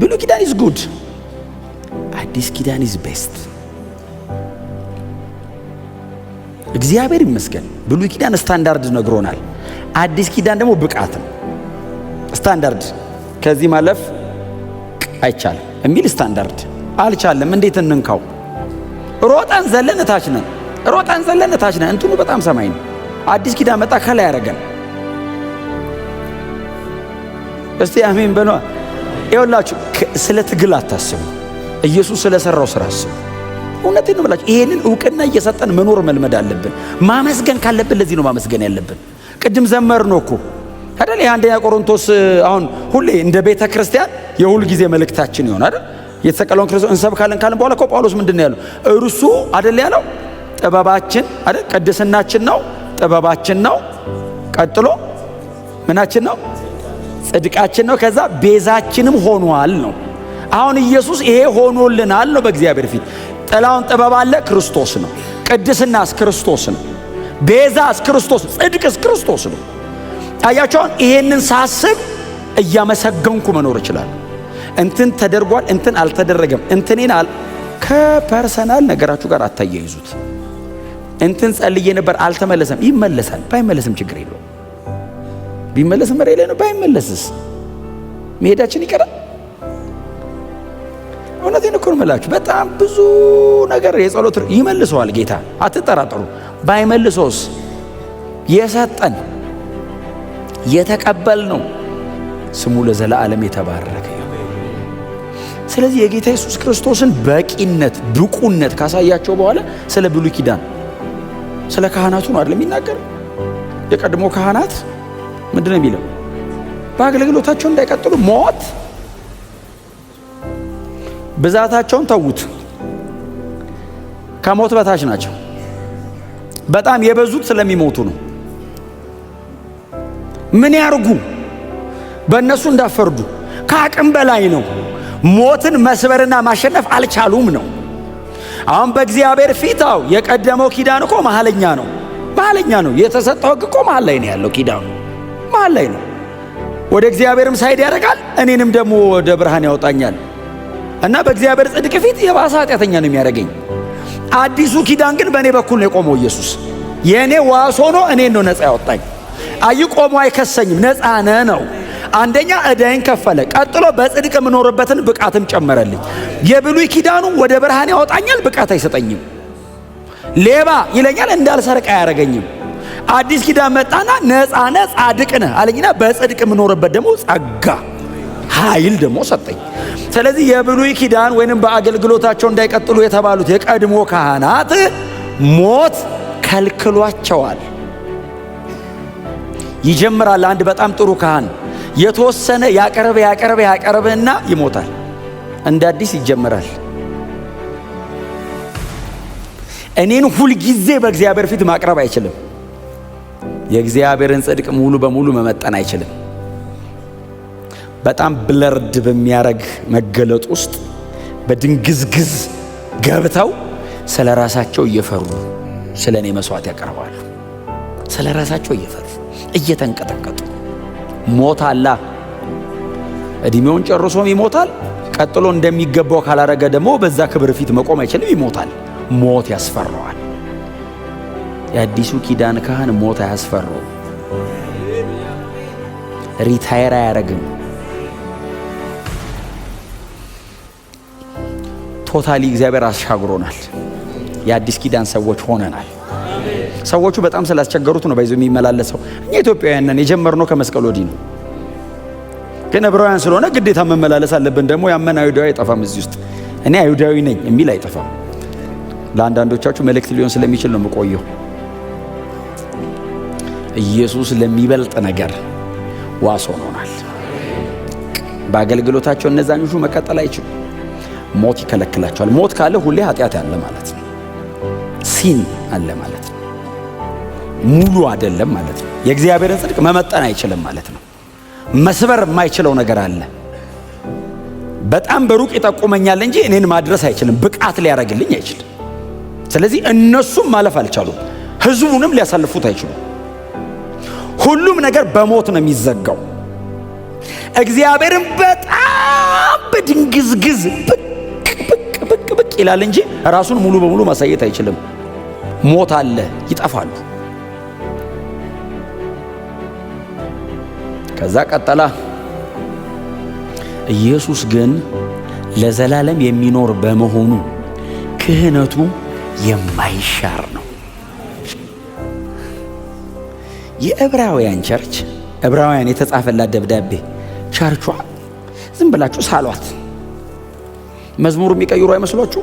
ብሉይ ኪዳን ኢዝ ጉድ፣ አዲስ ኪዳን ኢዝ ቤስት። እግዚአብሔር ይመስገን ብሉይ ኪዳን ስታንዳርድ ነግሮናል። አዲስ ኪዳን ደግሞ ብቃት ነው። ስታንዳርድ ከዚህ ማለፍ አይቻልም የሚል ስታንዳርድ አልቻለም። እንዴት እንንካው? ሮጠን ዘለን እታች ነን፣ ሮጠን ዘለን እታች ነን። እንትኑ በጣም ሰማይ ነው። አዲስ ኪዳን መጣ ከላይ ያደረገን። እስቲ አሜን በሏ። ይኸውላችሁ ስለ ትግል አታስቡ፣ ኢየሱስ ስለ ሠራው ሥራ አስቡ። እውነቴን ነው ብላችሁ ይሄንን እውቅና እየሰጠን መኖር መልመድ አለብን። ማመስገን ካለብን ለዚህ ነው ማመስገን ያለብን። ቅድም ዘመር ነው እኮ አይደል? የአንደኛ ቆሮንቶስ አሁን ሁሌ እንደ ቤተ ክርስቲያን የሁል ጊዜ መልእክታችን ይሆን አይደል? የተሰቀለውን ክርስቶስ እንሰብካለን ካለን በኋላ እኮ ጳውሎስ ምንድን ነው ያለው? እርሱ አይደል ያለው ጥበባችን አይደል? ቅድስናችን ነው ጥበባችን ነው። ቀጥሎ ምናችን ነው ጽድቃችን ነው። ከዛ ቤዛችንም ሆኗል ነው። አሁን ኢየሱስ ይሄ ሆኖልናል ነው። በእግዚአብሔር ፊት ጥላውን ጥበብ አለ ክርስቶስ ነው። ቅድስናስ ክርስቶስ ነው። ቤዛስ ክርስቶስ፣ ጽድቅስ ክርስቶስ ነው። አያቸውን ይሄንን ሳስብ እያመሰገንኩ መኖር ይችላል። እንትን ተደርጓል፣ እንትን አልተደረገም፣ እንትኔን አል ከፐርሰናል ነገራችሁ ጋር አታያይዙት። እንትን ጸልዬ ነበር አልተመለሰም፣ ይመለሳል። ባይመለስም ችግር የለው ቢመለስ መሬ ላይ ነው። ባይመለስስ መሄዳችን ይቀራል። እውነቴን እኮ ነው የምላችሁ። በጣም ብዙ ነገር የጸሎት ይመልሰዋል ጌታ፣ አትጠራጠሩ። ባይመልሶስ የሰጠን የተቀበል ነው። ስሙ ለዘላለም የተባረከ። ስለዚህ የጌታ ኢየሱስ ክርስቶስን በቂነት ብቁነት ካሳያቸው በኋላ ስለ ብሉይ ኪዳን ስለ ካህናቱ ነው አይደለም የሚናገር የቀድሞ ካህናት ምንድነው የሚለው? በአገልግሎታቸው እንዳይቀጥሉ ሞት ብዛታቸውን ተዉት፣ ከሞት በታች ናቸው። በጣም የበዙት ስለሚሞቱ ነው። ምን ያርጉ? በእነሱ እንዳፈርዱ ከአቅም በላይ ነው። ሞትን መስበርና ማሸነፍ አልቻሉም ነው። አሁን በእግዚአብሔር ፊት አው የቀደመው ኪዳን እኮ መሀለኛ ነው፣ መሀለኛ ነው የተሰጠው ሕግ እኮ መሀል ላይ ነው ያለው ኪዳኑ መሃል ላይ ነው። ወደ እግዚአብሔርም ሳይድ ያደርጋል፣ እኔንም ደግሞ ወደ ብርሃን ያወጣኛል እና በእግዚአብሔር ጽድቅ ፊት የባሰ ኃጢአተኛ ነው የሚያደርገኝ። አዲሱ ኪዳን ግን በእኔ በኩል ነው የቆመው ኢየሱስ የእኔ ዋስ ሆኖ እኔን ነው ነፃ ያወጣኝ። አይ ቆሞ አይከሰኝም፣ ነፃ ነ ነው። አንደኛ እዳይን ከፈለ፣ ቀጥሎ በጽድቅ የምኖርበትን ብቃትም ጨመረልኝ። የብሉይ ኪዳኑ ወደ ብርሃን ያወጣኛል፣ ብቃት አይሰጠኝም። ሌባ ይለኛል፣ እንዳልሰርቅ አያደርገኝም። አዲስ ኪዳን መጣና ነፃ ነህ ጻድቅ ነህ አለኝና በጽድቅ የምኖርበት ደግሞ ጸጋ ኃይል ደግሞ ሰጠኝ። ስለዚህ የብሉይ ኪዳን ወይንም በአገልግሎታቸው እንዳይቀጥሉ የተባሉት የቀድሞ ካህናት ሞት ከልክሏቸዋል። ይጀምራል። አንድ በጣም ጥሩ ካህን የተወሰነ ያቀረበ ያቀረበ ያቀረበና ይሞታል። እንደ አዲስ ይጀምራል። እኔን ሁልጊዜ በእግዚአብሔር ፊት ማቅረብ አይችልም። የእግዚአብሔርን ጽድቅ ሙሉ በሙሉ መመጠን አይችልም። በጣም ብለርድ በሚያረግ መገለጥ ውስጥ በድንግዝግዝ ገብተው ስለ ራሳቸው እየፈሩ ስለ እኔ መስዋዕት ያቀርባሉ። ስለ ራሳቸው እየፈሩ እየተንቀጠቀጡ ሞት አላ እድሜውን ጨርሶም ይሞታል። ቀጥሎ እንደሚገባው ካላረገ ደግሞ በዛ ክብር ፊት መቆም አይችልም፣ ይሞታል። ሞት ያስፈራዋል። የአዲሱ ኪዳን ካህን ሞት አያስፈራው፣ ሪታየር አያረግም፣ ቶታሊ እግዚአብሔር አሻግሮናል። የአዲስ ኪዳን ሰዎች ሆነናል። ሰዎቹ በጣም ስላስቸገሩት ነው በይዞ የሚመላለሰው። እኛ ኢትዮጵያውያን የጀመር የጀመርነው ከመስቀል ወዲህ ነው። ግን ዕብራውያን ስለሆነ ግዴታ መመላለስ አለብን። ደግሞ ያመን አይሁዳዊ አይጠፋም እዚህ ውስጥ እኔ አይሁዳዊ ነኝ የሚል አይጠፋም። ለአንዳንዶቻችሁ መልእክት ሊሆን ስለሚችል ነው የምቆየው። ኢየሱስ ለሚበልጥ ነገር ዋስ ሆኖናል። በአገልግሎታቸው እነዛኞቹ መቀጠል አይችሉ፣ ሞት ይከለክላቸዋል። ሞት ካለ ሁሌ ኃጢአት አለ ማለት ነው። ሲን አለ ማለት ነው። ሙሉ አይደለም ማለት ነው። የእግዚአብሔርን ጽድቅ መመጠን አይችልም ማለት ነው። መስበር የማይችለው ነገር አለ። በጣም በሩቅ ይጠቁመኛል እንጂ እኔን ማድረስ አይችልም። ብቃት ሊያደርግልኝ አይችልም። ስለዚህ እነሱም ማለፍ አልቻሉም። ህዝቡንም ሊያሳልፉት አይችሉም። ሁሉም ነገር በሞት ነው የሚዘጋው። እግዚአብሔርን በጣም በድንግዝግዝ ብቅ ብቅ ብቅ ብቅ ይላል እንጂ ራሱን ሙሉ በሙሉ ማሳየት አይችልም። ሞት አለ፣ ይጠፋሉ። ከዛ ቀጠላ ኢየሱስ ግን ለዘላለም የሚኖር በመሆኑ ክህነቱ የማይሻር ነው። የዕብራውያን ቸርች ዕብራውያን የተጻፈላት ደብዳቤ ቸርቿ ዝም ብላችሁ ሳሏት። መዝሙር የሚቀይሩ አይመስሏችሁ?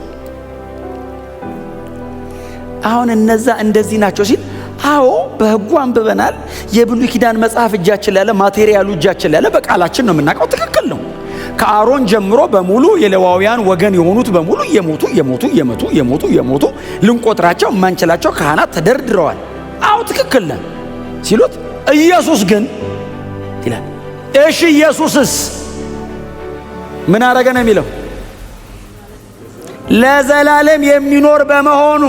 አሁን እነዛ እንደዚህ ናቸው ሲል አዎ በህጉ አንብበናል። የብሉይ ኪዳን መጽሐፍ እጃችን ላይ ያለ ማቴሪያሉ እጃችን ላይ ያለ በቃላችን ነው የምናውቀው። ትክክል ነው። ከአሮን ጀምሮ በሙሉ የሌዋውያን ወገን የሆኑት በሙሉ እየሞቱ እየሞቱ እየሞቱ እየሞቱ እየሞቱ ልንቆጥራቸው የማንችላቸው ካህናት ተደርድረዋል። አዎ ትክክል ነን። ሲሉት ኢየሱስ ግን ይላል። እሺ ኢየሱስስ ምን አረገ ነው የሚለው ለዘላለም የሚኖር በመሆኑ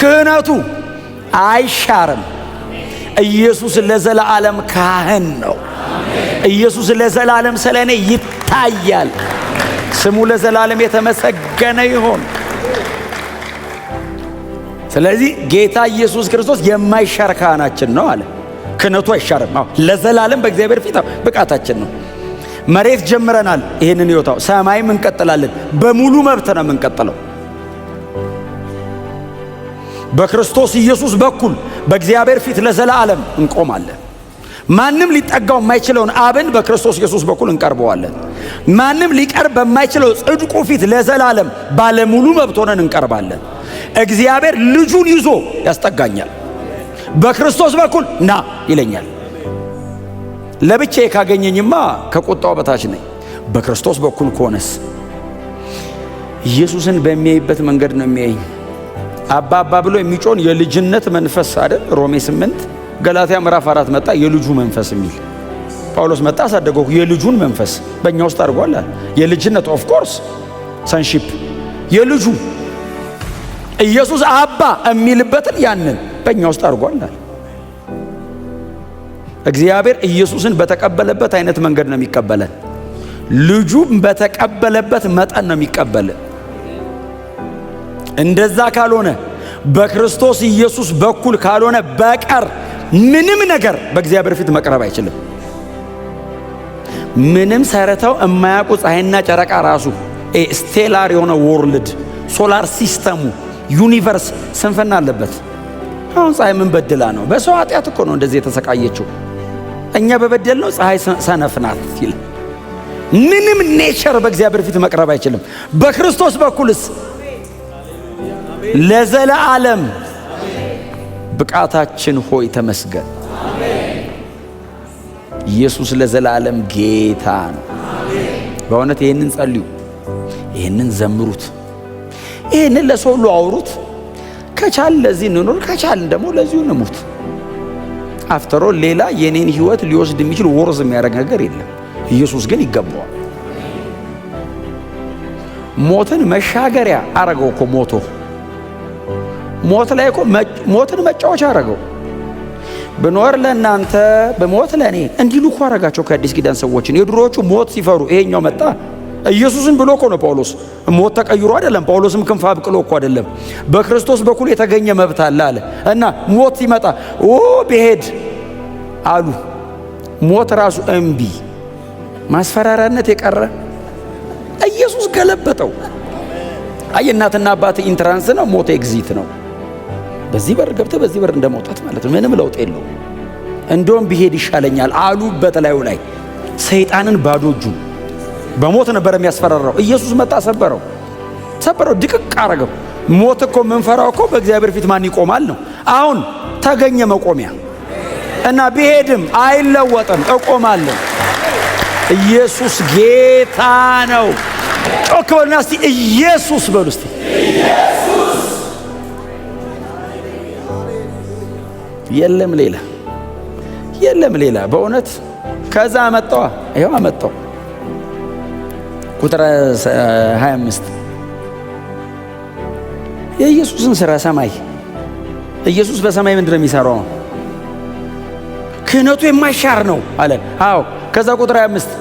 ክህነቱ አይሻርም። ኢየሱስ ለዘላለም ካህን ነው። ኢየሱስ ለዘላለም ስለ እኔ ይታያል። ስሙ ለዘላለም የተመሰገነ ይሆን። ስለዚህ ጌታ ኢየሱስ ክርስቶስ የማይሻር ካህናችን ነው አለ። ክህነቱ አይሻርም። አዎ ለዘላለም በእግዚአብሔር ፊት ብቃታችን ነው። መሬት ጀምረናል፣ ይህንን ይወታው ሰማይም እንቀጥላለን። በሙሉ መብት ነው የምንቀጥለው። በክርስቶስ ኢየሱስ በኩል በእግዚአብሔር ፊት ለዘላለም እንቆማለን። ማንም ሊጠጋው የማይችለውን አብን በክርስቶስ ኢየሱስ በኩል እንቀርበዋለን። ማንም ሊቀርብ በማይችለው ጽድቁ ፊት ለዘላለም ባለሙሉ መብት ሆነን እንቀርባለን። እግዚአብሔር ልጁን ይዞ ያስጠጋኛል። በክርስቶስ በኩል ና ይለኛል። ለብቻዬ ካገኘኝማ ከቁጣው በታች ነኝ። በክርስቶስ በኩል ከሆነስ ኢየሱስን በሚያይበት መንገድ ነው የሚያይኝ። አባ አባ ብሎ የሚጮን የልጅነት መንፈስ አይደል? ሮሜ 8 ገላትያ ምዕራፍ 4 መጣ የልጁ መንፈስ የሚል ጳውሎስ መጣ አሳደገው የልጁን መንፈስ በእኛ ውስጥ አድርጓል። የልጅነት ኦፍ ኮርስ ሰንሺፕ የልጁ ኢየሱስ አባ የሚልበትን ያንን በእኛ ውስጥ አድርጓልናል። እግዚአብሔር ኢየሱስን በተቀበለበት አይነት መንገድ ነው የሚቀበለን። ልጁም በተቀበለበት መጠን ነው የሚቀበልን። እንደዛ ካልሆነ በክርስቶስ ኢየሱስ በኩል ካልሆነ በቀር ምንም ነገር በእግዚአብሔር ፊት መቅረብ አይችልም። ምንም ሰርተው የማያውቁ ፀሐይና ጨረቃ ራሱ ስቴላር የሆነ ወርልድ ሶላር ሲስተሙ ዩኒቨርስ ስንፍና አለበት። አሁን ፀሐይ ምን በድላ ነው? በሰው ኃጢአት እኮ ነው እንደዚህ የተሰቃየችው። እኛ በበደል ነው ፀሐይ ሰነፍ ናት ይል። ምንም ኔቸር በእግዚአብሔር ፊት መቅረብ አይችልም። በክርስቶስ በኩልስ ለዘለዓለም ብቃታችን ሆይ ተመስገን። ኢየሱስ ለዘላለም ጌታ ነው። በእውነት ይህንን ጸልዩ፣ ይህንን ዘምሩት። ይህንን ለሰው ሁሉ አውሩት። ከቻል ለዚህ እንኖር፣ ከቻልን ደግሞ ለዚሁ እንሙት። አፍተሮ ሌላ የኔን ህይወት ሊወስድ የሚችል ወርዝ የሚያደርግ ነገር የለም። ኢየሱስ ግን ይገባዋል። ሞትን መሻገሪያ አረገው እኮ ሞቶ ሞት ላይ እኮ ሞትን መጫወቻ አረገው። ብኖር ለእናንተ በሞት ለእኔ እንዲሉ እኮ አረጋቸው። ከአዲስ ኪዳን ሰዎችን የድሮዎቹ ሞት ሲፈሩ ይሄኛው መጣ ኢየሱስን ብሎ እኮ ነው ጳውሎስ። ሞት ተቀይሮ አይደለም ጳውሎስም ክንፍ አብቅሎ እኮ አይደለም። በክርስቶስ በኩል የተገኘ መብት አለ አለ እና ሞት ሲመጣ ኦ ብሄድ አሉ። ሞት ራሱ እምቢ ማስፈራሪያነት የቀረ ኢየሱስ ገለበጠው። አይ እናትና አባት ኢንትራንስ ነው፣ ሞት ኤግዚት ነው። በዚህ በር ገብተ በዚህ በር እንደመውጣት ማለት ነው። ምንም ለውጥ የለውም። እንደውም ብሄድ ይሻለኛል አሉ። ላዩ ላይ ሰይጣንን ባዶ በሞት ነበር የሚያስፈራራው። ኢየሱስ መጣ፣ ሰበረው፣ ሰበረው፣ ድቅቅ አረገው። ሞት እኮ ምንፈራው እኮ በእግዚአብሔር ፊት ማን ይቆማል ነው። አሁን ተገኘ መቆሚያ እና ቢሄድም አይለወጥም፣ እቆማለሁ። ኢየሱስ ጌታ ነው። ጮክ በሉና እስቲ ኢየሱስ በሉ እስቲ የለም ሌላ የለም ሌላ በእውነት ከዛ አመጣዋ ይኸው አመጣው ቁጥር 25 የኢየሱስን ስራ ሰማይ ኢየሱስ በሰማይ ምንድን ነው የሚሰራው? ክህነቱ የማይሻር ነው አለ። አዎ ከዛ ቁጥር 25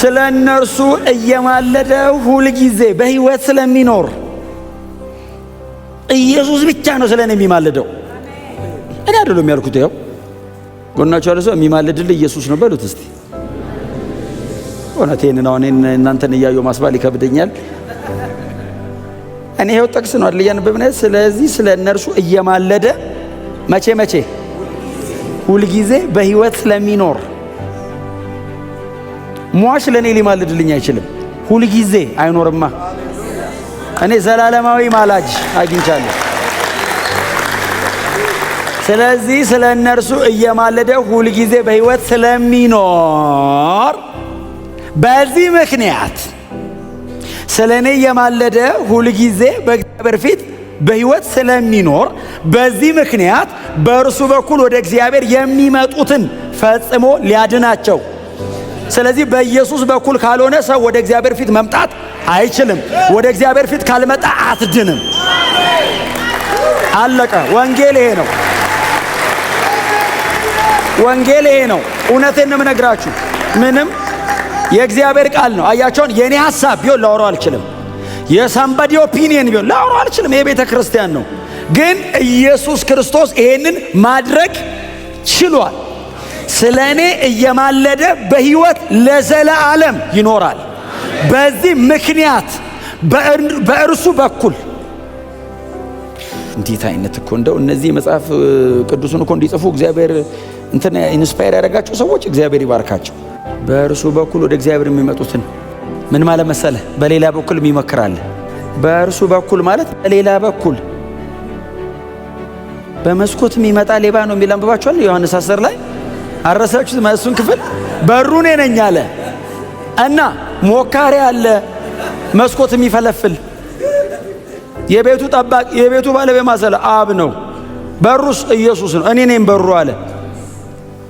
ስለ እነርሱ እየማለደ ሁልጊዜ በህይወት ስለሚኖር ኢየሱስ ብቻ ነው ስለ እኔ የሚማልደው። እኔ አይደለም ያልኩት። ያው ጎናቸው አለ ሰው የሚማልድልህ ኢየሱስ ነው በሉት እስቲ እውነቴን ነው። እኔ እናንተን እያዩ ማስባል ይከብደኛል። እኔ ይኸው ጥቅስ ነው አይደል ስለዚህ ስለ እነርሱ እየማለደ መቼ መቼ ሁልጊዜ በህይወት ስለሚኖር ሟች ለእኔ ሊማልድልኝ አይችልም። ሁልጊዜ አይኖርማ። እኔ ዘላለማዊ ማላጅ አግኝቻለሁ። ስለዚህ ስለ እነርሱ እየማለደ ሁልጊዜ በህይወት ስለሚኖር በዚህ ምክንያት ስለ እኔ የማለደ ሁልጊዜ በእግዚአብሔር ፊት በሕይወት ስለሚኖር በዚህ ምክንያት በእርሱ በኩል ወደ እግዚአብሔር የሚመጡትን ፈጽሞ ሊያድናቸው። ስለዚህ በኢየሱስ በኩል ካልሆነ ሰው ወደ እግዚአብሔር ፊት መምጣት አይችልም። ወደ እግዚአብሔር ፊት ካልመጣ አትድንም። አለቀ። ወንጌል ይሄ ነው። ወንጌል ይሄ ነው። እውነቴን ነው የምነግራችሁ ምንም የእግዚአብሔር ቃል ነው። አያቸውን የእኔ ሐሳብ ቢሆን ላወራው አልችልም። የሳምባዲ ኦፒኒየን ቢሆን ላወራው አልችልም። የቤተ ክርስቲያን ነው። ግን ኢየሱስ ክርስቶስ ይሄንን ማድረግ ችሏል። ስለ እኔ እየማለደ በሕይወት ለዘለዓለም ይኖራል። በዚህ ምክንያት በእርሱ በኩል እንዴት አይነት እኮ እንደው እነዚህ መጽሐፍ ቅዱስን እኮ እንዲጽፉ እግዚአብሔር እንትን ኢንስፓየር ያደረጋቸው ሰዎች እግዚአብሔር ይባርካቸው። በእርሱ በኩል ወደ እግዚአብሔር የሚመጡትን ምን ማለት መሰለ፣ በሌላ በኩል ይመክራል። በእርሱ በኩል ማለት በሌላ በኩል በመስኮት የሚመጣ ሌባ ነው የሚል አንብባችኋል። ዮሐንስ አስር ላይ አረሳችሁት? እሱን ክፍል በሩ እኔ ነኝ አለ እና ሞካሪ አለ መስኮት የሚፈለፍል የቤቱ ጠባቂ የቤቱ ባለቤት ማሰለ አብ ነው። በሩስ ኢየሱስ ነው። እኔ ነኝ በሩ አለ።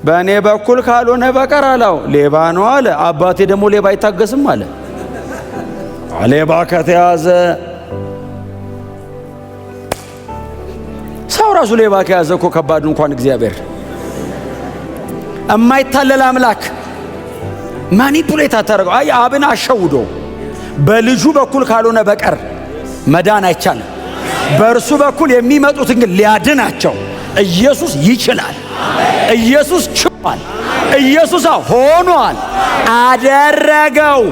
በእኔ በኩል ካልሆነ በቀር አላው ሌባ ነው አለ። አባቴ ደግሞ ሌባ አይታገስም አለ። ሌባ ከተያዘ ሰው ራሱ ሌባ ከያዘ እኮ ከባድ እንኳን እግዚአብሔር እማይታለል አምላክ ማኒፑሌት አታደርገው። አይ አብን አሸውዶ በልጁ በኩል ካልሆነ በቀር መዳን አይቻልም። በእርሱ በኩል የሚመጡትን ግን ሊያድናቸው ኢየሱስ ይችላል። ኢየሱስ ችሏል። ኢየሱስ ሆኗል፣ አደረገው።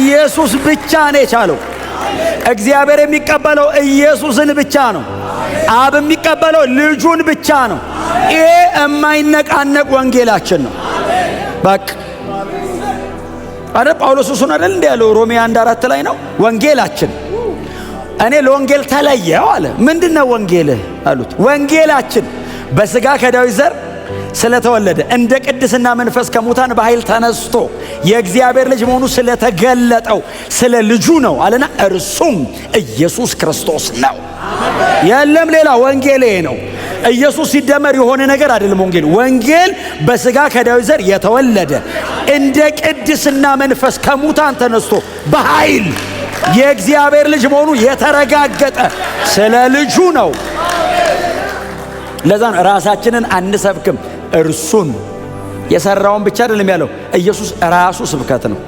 ኢየሱስ ብቻ ነው የቻለው። እግዚአብሔር የሚቀበለው ኢየሱስን ብቻ ነው። አብ የሚቀበለው ልጁን ብቻ ነው። ይሄ የማይነቃነቅ ወንጌላችን ነው። በቃ አረ ጳውሎስ እሱን አይደል እንዲ ያለው ሮሜ አንድ አራት ላይ ነው ወንጌላችን እኔ ለወንጌል ተለየው አለ ምንድን ነው ወንጌልህ አሉት ወንጌላችን በስጋ ከዳዊት ዘር ስለተወለደ እንደ ቅድስና መንፈስ ከሙታን በኃይል ተነስቶ የእግዚአብሔር ልጅ መሆኑ ስለተገለጠው ስለ ልጁ ነው አለና እርሱም ኢየሱስ ክርስቶስ ነው። የለም ሌላ ወንጌል ይሄ ነው። ኢየሱስ ሲደመር የሆነ ነገር አይደለም። ወንጌል ወንጌል በስጋ ከዳዊት ዘር የተወለደ እንደ ቅድስና መንፈስ ከሙታን ተነስቶ በኃይል የእግዚአብሔር ልጅ መሆኑ የተረጋገጠ ስለ ልጁ ነው። ለዛ ነው ራሳችንን አንሰብክም። እርሱን የሰራውን ብቻ አይደለም ያለው። ኢየሱስ ራሱ ስብከት ነው።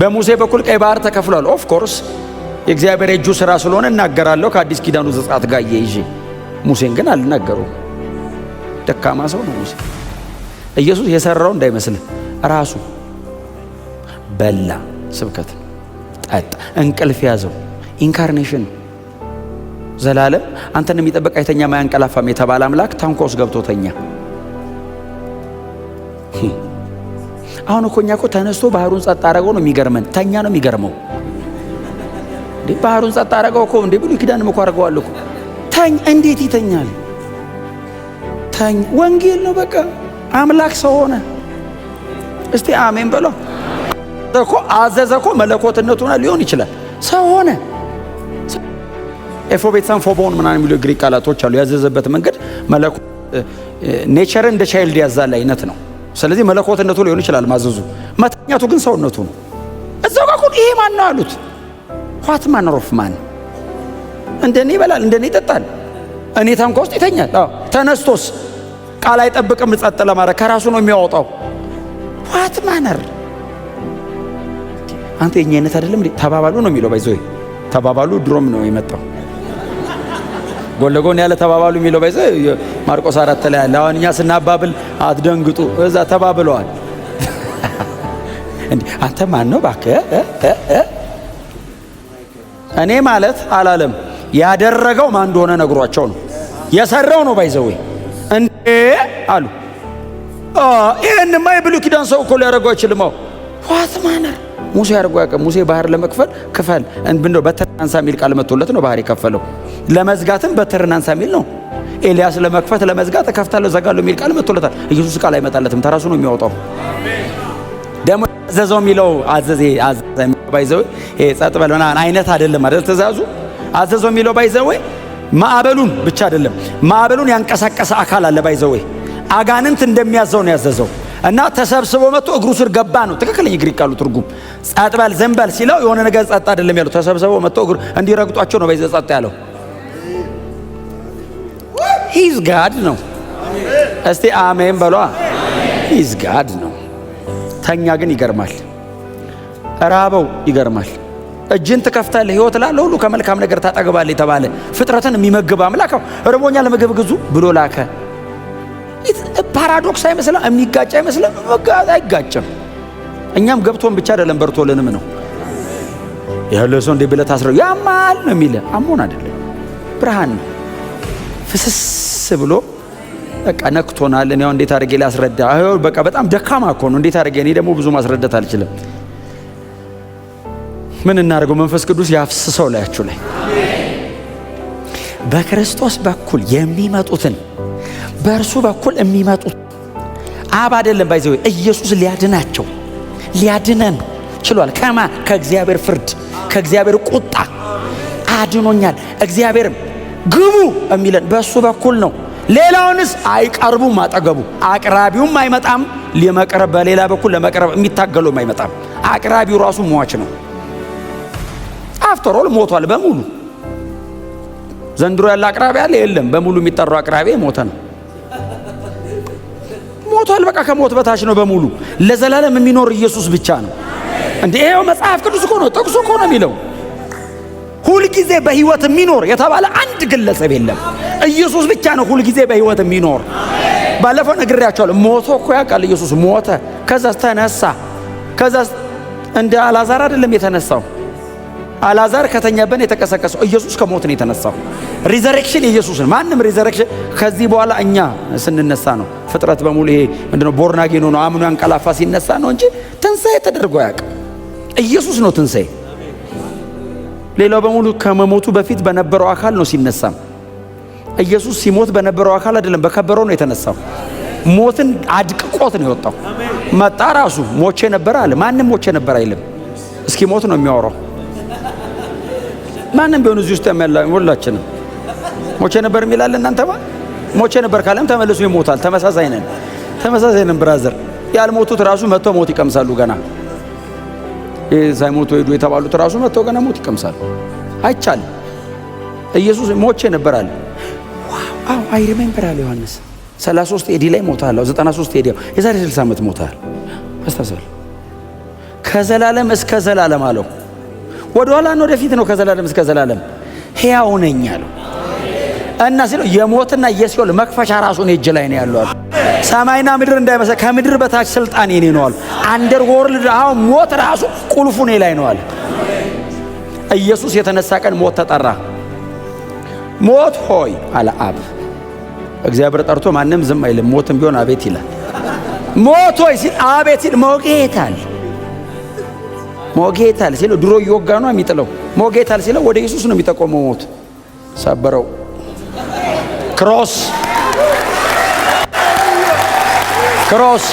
በሙሴ በኩል ቀይ ባህር ተከፍሏል። ኦፍ ኮርስ የእግዚአብሔር እጁ ስራ ስለሆነ እናገራለሁ ከአዲስ ኪዳኑ ዘጻት ጋር ይዤ ሙሴን ግን አልናገሩም። ደካማ ሰው ነው ሙሴ። ኢየሱስ የሰራው እንዳይመስል ራሱ በላ፣ ስብከት ጠጣ፣ እንቅልፍ ያዘው። ኢንካርኔሽን ዘላለም አንተን የሚጠብቅ አይተኛም አያንቀላፋም የተባለ አምላክ ታንኳ ውስጥ ገብቶ ተኛ። አሁን እኮ እኛ እኮ ተነስቶ ባህሩን ጸጥ አረገው ነው የሚገርመን። ተኛ ነው የሚገርመው። ባህሩን ጸጥ አረገው እኮ እንደ ብሉይ ኪዳንም እኮ አድርገዋል እኮ። ተኝ እንዴት ይተኛል? ተኝ ወንጌል ነው በቃ። አምላክ ሰው ሆነ። እስቲ አሜን በሎ። እኮ አዘዘ እኮ መለኮትነቱና ሊሆን ይችላል ሰው ሆነ። ኤፎቤትሳን ፎቦውን ምናምን የሚሉ ግሪክ ቃላቶች አሉ። ያዘዘበት መንገድ መለኮት ኔቸርን እንደ ቻይልድ ያዛል አይነት ነው። ስለዚህ መለኮትነቱ ሊሆን ይችላል ማዘዙ፣ መተኛቱ ግን ሰውነቱ ነው። እዛው ጋር ይሄ ማን ነው አሉት። ኋት ማን ሮፍ ማን እንደኔ ይበላል፣ እንደኔ ይጠጣል፣ እኔ ታንኳ ውስጥ ይተኛል። ተነስቶስ ቃል አይጠብቅም፣ ጸጥ ለማድረግ ከራሱ ነው የሚያወጣው። ዋት ማነር አንተ የኛ አይነት አይደለም ተባባሉ ነው የሚለው። ባይዞ ተባባሉ ድሮም ነው የመጣው። ጎን ለጎን ያለ ተባባሉ የሚለው በይዘ ማርቆስ አራት ላይ አለ። አሁን እኛ ስናባብል አትደንግጡ፣ እዛ ተባብለዋል። እንዲ አንተ ማን ነው ባከ? እኔ ማለት አላለም። ያደረገው ማን እንደሆነ ነግሯቸው ነው የሰራው ነው ባይዘው እንዴ አሉ። ይህንማ የብሉይ ኪዳን ሰው እኮ ሊያደርገው አይችልም። ዋት ማነር ሙሴ አድርጎ ያውቅም። ሙሴ ባህር ለመክፈል ክፈል ብንደው በትርን አንሳ ሚል ቃል መጥቶለት ነው ባህር የከፈለው። ለመዝጋትም በትርን አንሳ የሚል ነው። ኤልያስ ለመክፈት ለመዝጋት እከፍታለሁ ዘጋለሁ ሚል ቃል መጥቶለታል። ኢየሱስ ቃል አይመጣለትም፣ ተራሱ ነው የሚያወጣው። ደግሞ አዘዘው የሚለው አዘዘ አዘዘ ባይዘው ይሄ ጸጥ በል ምናምን አይነት አይደለም አይደል? ትእዛዙ አዘዘው የሚለው ባይዘው ማዕበሉን ብቻ አይደለም ማዕበሉን ያንቀሳቀሰ አካል አለ ባይዘው አጋንንት እንደሚያዘው ነው ያዘዘው እና ተሰብስቦ መጥቶ እግሩ ስር ገባ ነው ትክክለኛ ግሪክ ቃሉ ትርጉም። ጸጥ በል ሲለው የሆነ ነገር ጸጥ አይደለም ያለው፣ ተሰብስቦ መጥቶ እግሩ እንዲረግጧቸው ነው በይዘ ጸጥ ያለው። ሂዝ ጋድ ነው። እስቲ አሜን በሏ። ሂዝ ጋድ ነው። ተኛ ግን ይገርማል። ራበው ይገርማል። እጅን ትከፍታለህ፣ ህይወት ላለው ሁሉ ከመልካም ነገር ታጠግባለህ የተባለ ፍጥረትን የሚመግብ አምላክ ርቦኛል ምግብ ግዙ ብሎ ላከ። ፓራዶክስ አይመስልም? የሚጋጭ አይመስልም? አይጋጭም። እኛም ገብቶን ብቻ አይደለም በርቶልንም ነው ያለ ሰው እንዴ ብለ ታስረው ያማል ነው የሚለ አሞን አይደለም፣ ብርሃን ነው ፍስስ ብሎ በቃ ነክቶናል። እኔ እንዴት አድርጌ ላስረዳ? አይው በቃ በጣም ደካማ እኮ ነው። እንዴት አድርጌ እኔ ደግሞ ብዙ ማስረዳት አልችልም። ምን እናደርገው? መንፈስ ቅዱስ ያፍስሰው ላያችሁ ላይ በክርስቶስ በኩል የሚመጡትን በእርሱ በኩል የሚመጡት አብ አይደለም ባይዘው ኢየሱስ ሊያድናቸው ሊያድነን ችሏል። ከማ ከእግዚአብሔር ፍርድ ከእግዚአብሔር ቁጣ አድኖኛል። እግዚአብሔርም ግቡ የሚለን በእሱ በኩል ነው። ሌላውንስ አይቀርቡም አጠገቡ። አቅራቢውም አይመጣም ለመቅረብ በሌላ በኩል ለመቅረብ የሚታገለውም አይመጣም። አቅራቢው ራሱ ሟች ነው። አፍተሮል ሞቷል በሙሉ ዘንድሮ ያለ አቅራቢ አለ የለም። በሙሉ የሚጠራው አቅራቢ ሞተ ነው። ሞቷል። በቃ ከሞት በታች ነው በሙሉ። ለዘላለም የሚኖር ኢየሱስ ብቻ ነው። እንደ ይሄው መጽሐፍ ቅዱስ እኮ ነው፣ ጥቅሱ እኮ ነው የሚለው። ሁልጊዜ በህይወት የሚኖር የተባለ አንድ ግለሰብ የለም። ኢየሱስ ብቻ ነው ሁልጊዜ በህይወት የሚኖር። ባለፈው ነግሬያቸዋለሁ። ሞቶ እኮ ያውቃል ኢየሱስ ሞተ፣ ከዛስ ተነሳ። ከዛስ እንደ አላዛር አይደለም የተነሳው። አላዛር ከተኛበን የተቀሰቀሰው፣ ኢየሱስ ከሞት ነው የተነሳው። ሪዘሬክሽን ነው። ማንም ሪዘሬክሽን ከዚህ በኋላ እኛ ስንነሳ ነው። ፍጥረት በሙሉ ይሄ ምንድነው ቦርናጌን ሆኖ አምኖ ያንቀላፋ ሲነሳ ነው እንጂ ትንሣኤ ተደርጎ አያውቅም። ኢየሱስ ነው ትንሣኤ። ሌላው በሙሉ ከመሞቱ በፊት በነበረው አካል ነው ሲነሳም። ኢየሱስ ሲሞት በነበረው አካል አይደለም፣ በከበረው ነው የተነሳው። ሞትን አድቅቆት ነው የወጣው። መጣ ራሱ ሞቼ ነበር አለ። ማንም ሞቼ ነበር አይልም። እስኪ ሞት ነው የሚያወራው። ማንም ቢሆን እዚህ ውስጥ ያለ ሁላችንም ሞቼ ነበር የሚላል እናንተ ባ ሞቼ ነበር ካለም ተመልሶ ይሞታል። ተመሳሳይ ነን፣ ተመሳሳይ ነን ብራዘር። ያልሞቱት ራሱ መጥቶ ሞት ይቀምሳሉ። ገና ሳይሞቱ ሄዱ የተባሉት ራሱ መጥቶ ገና ሞት ይቀምሳሉ። አይቻል ኢየሱስ ሞቼ ነበር አለ። አዎ አይ ሪሜምበር አለ ዮሐንስ 33 ኤዲ ላይ ሞታል። 93 ኤዲ የዛሬ 60 ዓመት ሞታል። አስታውሳለሁ። ከዘላለም እስከ ዘላለም አለው። ወደ ኋላ ነው ወደፊት ነው። ከዘላለም እስከ ዘላለም ሕያው ነኝ አለው። እና ነው የሞትና የሲኦል መክፈቻ ራሱ እኔ እጅ ላይ ነው ያለው። ሰማይና ምድር እንዳይመሰ ከምድር በታች ስልጣን የኔ ነው አለ። አንደር ወርልድ አሁን ሞት ራሱ ቁልፉ እኔ ላይ ነው አለ። ኢየሱስ የተነሳ ቀን ሞት ተጠራ። ሞት ሆይ አለ አብ። እግዚአብሔር ጠርቶ ማንም ዝም አይልም። ሞትም ቢሆን አቤት ይላል። ሞት ሆይ ሲል አቤት ሲል ሞጌታል ሞጌታል ሲለው ድሮ እየወጋ ነው የሚጥለው። ሞጌታል ሲለው ወደ ኢየሱስ ነው የሚጠቆመው። ሞት ሰበረው። ክሮስ ክሮስ።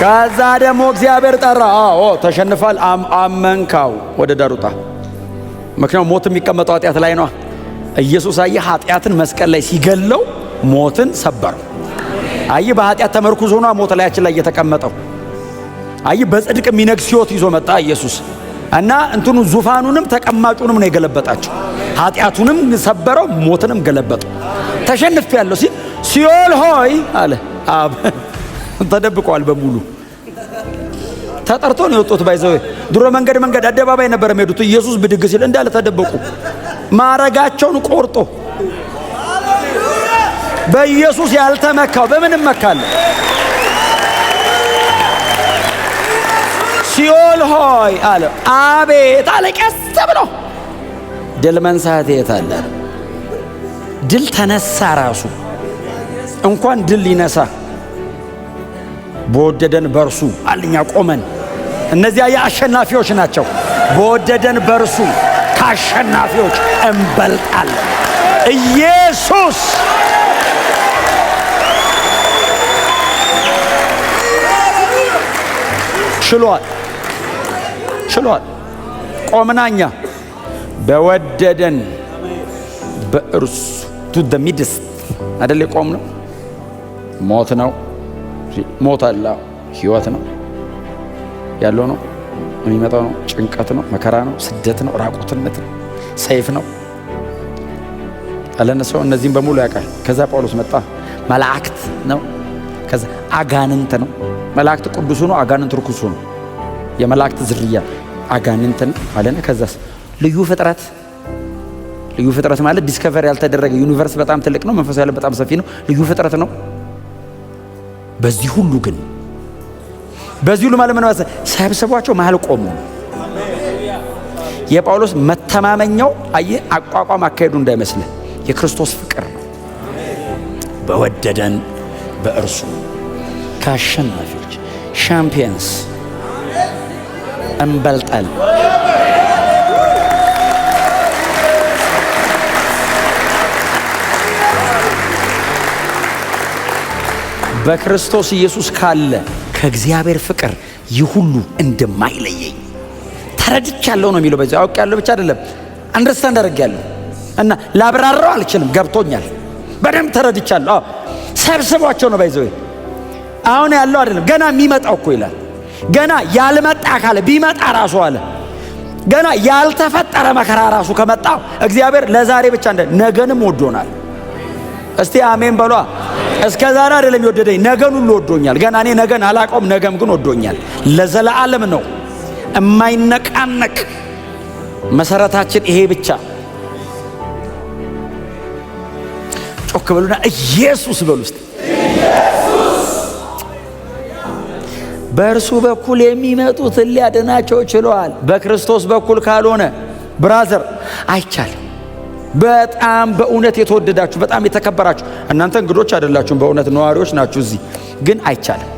ከዛ ደግሞ እግዚአብሔር ጠራ። አዎ ተሸንፋል፣ አመንካው፣ ወደ ዳሩጣ ምክንያቱም ሞት የሚቀመጠው ኃጢአት ላይ ነው። ኢየሱስ አየህ ኃጢአትን መስቀል ላይ ሲገለው ሞትን ሰበረው። አይ በኃጢአት ተመርኩዞ ሆኗ ሞት ላያችን ላይ እየተቀመጠው። አይ በጽድቅ የሚነግስ ሕይወት ይዞ መጣ ኢየሱስ። እና እንትኑ ዙፋኑንም ተቀማጩንም ነው የገለበጣቸው። ኃጢአቱንም ሰበረው፣ ሞትንም ገለበጠው። ተሸንፍ ያለው ሲል ሲኦል ሆይ አለ አብ። ተደብቀዋል በሙሉ ተጠርቶ ነው የወጡት። ባይዘው ድሮ መንገድ መንገድ አደባባይ ነበር የሚሄዱት። ኢየሱስ ብድግ ሲል እንዳለ ተደበቁ። ማረጋቸውን ቆርጦ በኢየሱስ ያልተመካው በምንም መካለ ሲኦል ሆይ አለ። አቤት አለ። ቀስ ብሎ ድል መንሳት የት አለ? ድል ተነሳ። ራሱ እንኳን ድል ሊነሳ በወደደን በርሱ አልኛ ቆመን። እነዚያ የአሸናፊዎች ናቸው። በወደደን በርሱ ከአሸናፊዎች እንበልጣለን። ኢየሱስ ችሏል። ችሏል። ቆምናኛ በወደደን በእርሱ ቱ ደ ሚድስት አደል የቆም ነው። ሞት ነው ሞት አላ ህይወት ነው ያለው ነው የሚመጣው ነው ጭንቀት ነው መከራ ነው ስደት ነው ራቁትነት ነው ሰይፍ ነው አለነ ሰው እነዚህም በሙሉ ያውቃል። ከዛ ጳውሎስ መጣ መላእክት ነው። ከዛ አጋንንት ነው። መላእክት ቅዱሱ ነው፣ አጋንንት ርኩሱ ነው። የመላእክት ዝርያ አጋንንትን አለና ከዛስ ልዩ ፍጥረት ልዩ ፍጥረት ማለት ዲስከቨር ያልተደረገ ዩኒቨርስ በጣም ትልቅ ነው። መንፈሳዊ ዓለም በጣም ሰፊ ነው። ልዩ ፍጥረት ነው። በዚህ ሁሉ ግን በዚህ ሁሉ ማለት ምን ማለት ሳይሰቧቸው መሀል ቆሙ። የጳውሎስ መተማመኛው አየህ አቋቋም አካሄዱ እንዳይመስል የክርስቶስ ፍቅር ነው። በወደደን በእርሱ ከአሸናፊዎች ሻምፒየንስ እንበልጣል። በክርስቶስ ኢየሱስ ካለ ከእግዚአብሔር ፍቅር ይህ ሁሉ እንደማይለየኝ ተረድቻለሁ ነው የሚለው። በዚያ አውቄያለሁ ብቻ አይደለም አንደርስታንድ አድርጌያለሁ እና ላብራራው አልችልም፣ ገብቶኛል፣ በደንብ ተረድቻለሁ። ሰብስቧቸው ነው ባይዘው አሁን ያለው አይደለም ገና የሚመጣው እኮ ይላል ገና ያልመጣ ካለ ቢመጣ ራሱ አለ ገና ያልተፈጠረ መከራ ራሱ ከመጣ እግዚአብሔር ለዛሬ ብቻ እንደ ነገንም ወዶናል። እስቲ አሜን በሏ። እስከ ዛሬ አይደለም የወደደኝ ነገን ሁሉ ወዶኛል። ገና እኔ ነገን አላውቀውም፣ ነገም ግን ወዶኛል። ለዘላለም ነው የማይነቃነቅ መሰረታችን ይሄ ብቻ። ጮክ በሉና ኢየሱስ በሉ ውስጥ በእርሱ በኩል የሚመጡትን ሊያድናቸው ችለዋል። በክርስቶስ በኩል ካልሆነ ብራዘር አይቻልም። በጣም በእውነት የተወደዳችሁ በጣም የተከበራችሁ እናንተ እንግዶች አይደላችሁም፣ በእውነት ነዋሪዎች ናችሁ። እዚህ ግን አይቻልም።